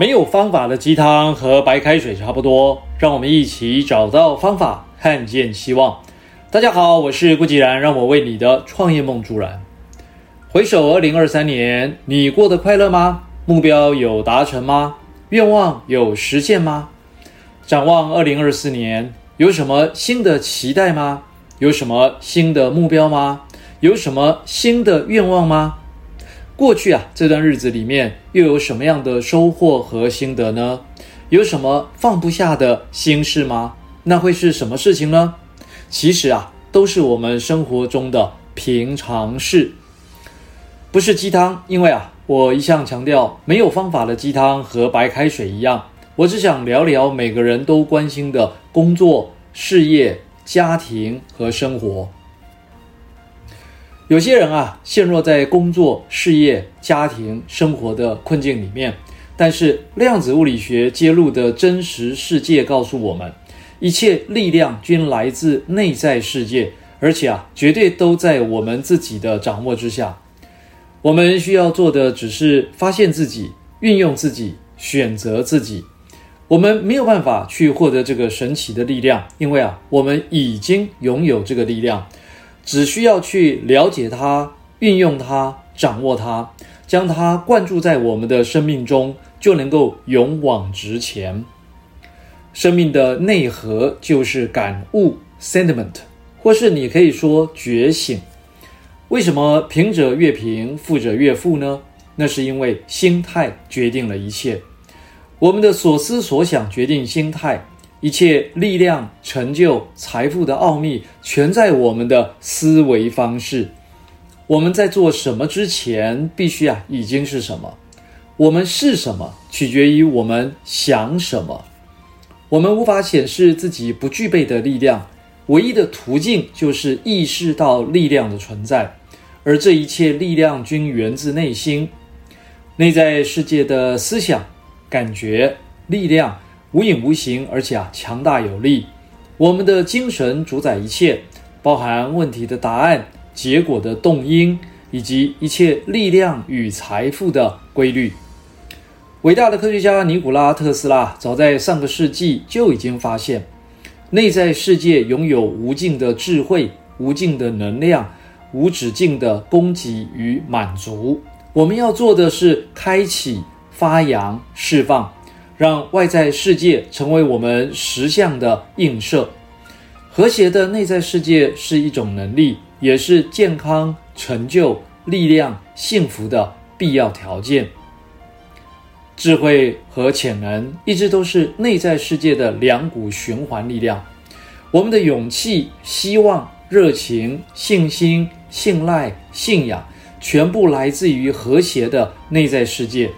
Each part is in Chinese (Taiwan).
沒有方法的雞湯和白開水差不多，讓我們一起找到方法，看見希望。大家好，我是顧吉然，讓我為你的創業夢助燃。回首二零二三年，你過得快樂嗎？目標有達成嗎？願望有實現嗎？展望二零二四年，有什麼新的期待嗎？有什麼新的目標嗎？有什麼新的願望嗎？過去啊，這段日子裡面又有什麼樣的收穫和心得呢？有什麼放不下的心事嗎？那會是什麼事情呢？其實啊，都是我們生活中的平常事。不是雞湯，因為啊，我一向強調沒有方法的雞湯和白開水一樣，我只想聊聊每個人都關心的工作、事業、家庭和生活。有些人啊，陷入在工作、事業、家庭、生活的困境裡面。但是量子物理學揭露的真實世界告訴我們，一切力量均來自內在世界，而且啊，絕對都在我們自己的掌握之下。我們需要做的只是發現自己、運用自己、選擇自己。我們沒有辦法去獲得這個神奇的力量，因為啊，我們已經擁有這個力量。只需要去了解它，運用它，掌握它，將它灌注在我們的生命中，就能夠勇往直前。生命的內核就是感悟 （sentiment），或是你可以說覺醒。為什麼貧者越貧、富者越富呢？那是因為心態決定了一切，我們的所思所想決定心態。一切力量、成就、財富的奧秘，全在我們的思維方式。我們在做什麼之前，必須啊，已經是什麼？我們是什麼？取決於我們想什麼。我們無法顯示自己不具備的力量，唯一的途徑就是意識到力量的存在。而這一切力量，均源自內心，內在世界的思想、感覺、力量。無影無形，而且啊強大有力。我們的精神主宰一切，包含問題的答案、結果的動因，以及一切力量與財富的規律。偉大的科學家尼古拉·特斯拉早在上個世紀就已經發現，內在世界擁有無盡的智慧、無盡的能量、無止境的供給與滿足。我們要做的是開啟、發揚、釋放。讓外在世界成為我們實相的映射，和諧的內在世界是一種能力，也是健康、成就、力量、幸福的必要條件。智慧和潛能一直都是內在世界的兩股循環力量，我們的勇氣、希望、熱情、信心、信賴、信仰，全部來自於和諧的內在世界。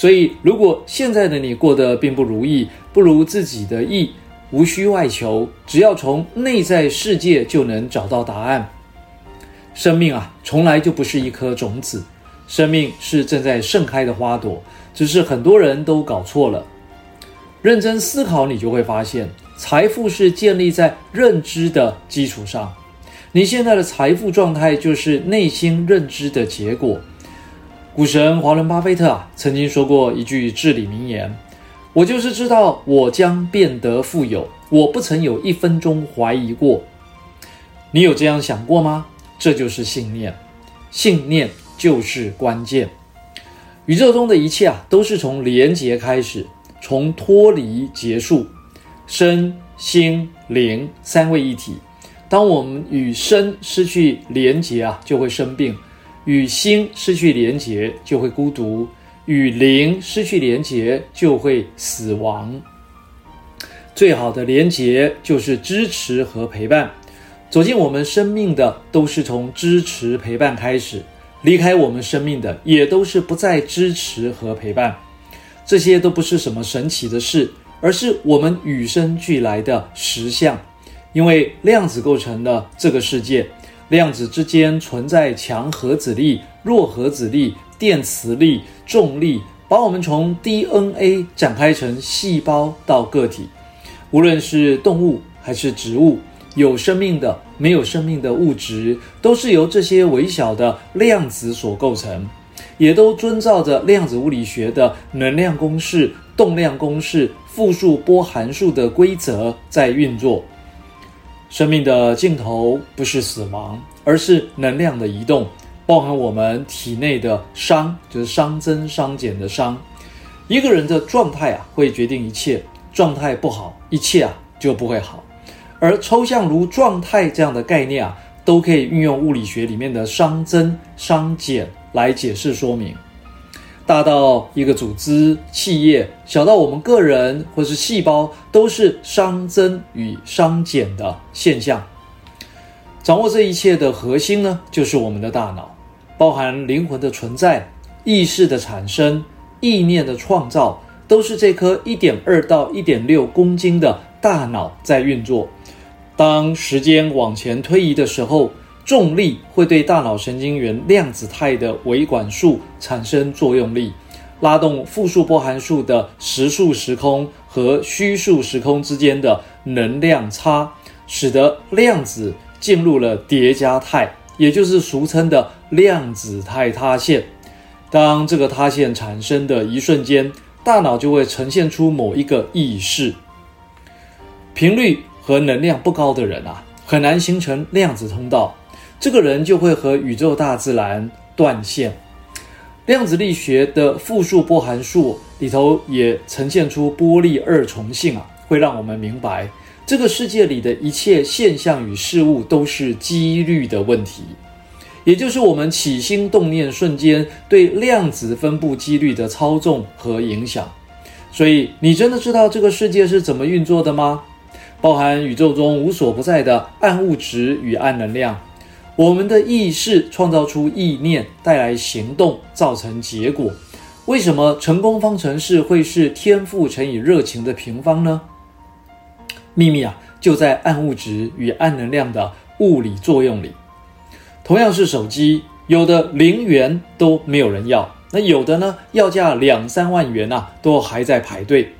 所以，如果現在的你過得並不如意，不如自己的意，無需外求，只要從內在世界就能找到答案。生命啊，從來就不是一顆種子，生命是正在盛開的花朵，只是很多人都搞錯了。認真思考，你就會發現，財富是建立在認知的基礎上，你現在的財富狀態就是內心認知的結果。股神華倫·巴菲特啊，曾經說過一句至理名言：“我就是知道我將變得富有，我不曾有一分鐘懷疑過。”你有這樣想過嗎？這就是信念，信念就是關鍵。宇宙中的一切啊，都是從連結開始，從脫離結束。身心靈三位一體，當我們與身失去連結啊，就會生病。與心失去連結，就會孤獨；與靈失去連結，就會死亡。最好的連結就是支持和陪伴。走進我們生命的，都是從支持陪伴開始；離開我們生命的，也都是不再支持和陪伴。這些都不是什麼神奇的事，而是我們與生俱來的實相。因為量子構成了這個世界。量子之間存在強核子力、弱核子力、電磁力、重力，把我們從 DNA 展開成細胞到個體。無論是動物還是植物，有生命的、沒有生命的物質，都是由這些微小的量子所構成，也都遵照着量子物理學的能量公式、動量公式、複數波函數的規則在運作。生命的盡頭不是死亡，而是能量的移動，包含我們體內的熵，就是熵增熵減的熵。一個人的狀態啊，會決定一切，狀態不好，一切啊就不會好。而抽象如狀態這樣的概念啊，都可以運用物理學裡面的熵增熵減來解釋說明。大到一個組織、企業，小到我們個人或是細胞，都是熵增與熵減的現象。掌握這一切的核心呢，就是我們的大腦，包含靈魂的存在、意識的產生、意念的創造，都是這顆一點二到一點六公斤的大腦在運作。當時間往前推移的時候，重力會對大腦神經元量子態的微管束產生作用力，拉動複數波函數的實數時空和虛數時空之間的能量差，使得量子進入了疊加態，也就是俗稱的量子態塌陷。當這個塌陷產生的一瞬間，大腦就會呈現出某一個意識。頻率和能量不高的人啊，很難形成量子通道。這個人就會和宇宙大自然斷線。量子力學的複數波函數裡頭也呈現出波粒二重性啊，會讓我們明白這個世界裡的一切現象與事物都是幾率的問題，也就是我們起心動念瞬間對量子分布幾率的操縱和影響。所以，你真的知道這個世界是怎麼運作的嗎？包含宇宙中無所不在的暗物質與暗能量。我們的意識創造出意念，帶來行動，造成結果。為什麼成功方程式會是天賦乘以熱情的平方呢？秘密啊，就在暗物質與暗能量的物理作用裡。同樣是手機，有的零元都沒有人要，那有的呢，要價兩三萬元啊，都還在排隊。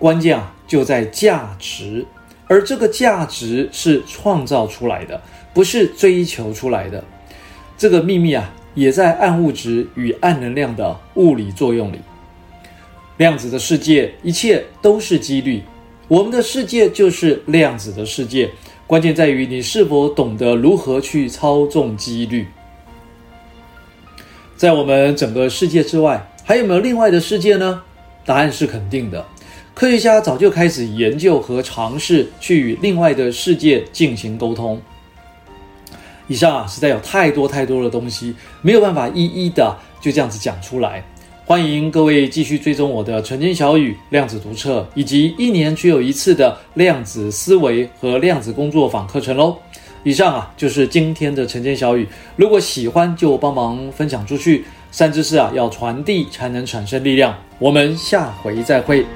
關鍵啊，就在價值，而這個價值是創造出來的。不是追求出來的，這個秘密啊，也在暗物質與暗能量的物理作用裡。量子的世界一切都是幾率，我們的世界就是量子的世界。關鍵在於你是否懂得如何去操縱幾率。在我們整個世界之外，還有沒有另外的世界呢？答案是肯定的。科學家早就開始研究和嘗試去與另外的世界進行溝通。以上啊，實在有太多太多的東西，沒有辦法一一的就這樣子講出來。歡迎各位繼續追蹤我的晨間小雨量子讀冊，以及一年只有一次的量子思維和量子工作坊課程嘍。以上啊，就是今天的晨間小雨。如果喜歡，就幫忙分享出去。善知識啊，要傳遞才能產生力量。我們下回再會。